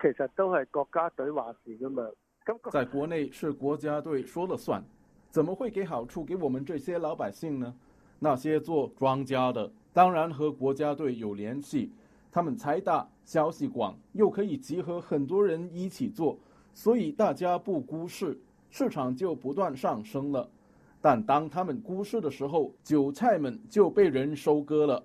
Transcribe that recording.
其實都係國家隊話事噶嘛，咁、嗯、在國內是國家隊說了算，怎麼會給好處給我們這些老百姓呢？那些做莊家的當然和國家隊有聯繫，他們財大消息廣，又可以集合很多人一起做，所以大家不沽市，市場就不斷上升了。但當他們沽市的時候，韭菜們就被人收割了。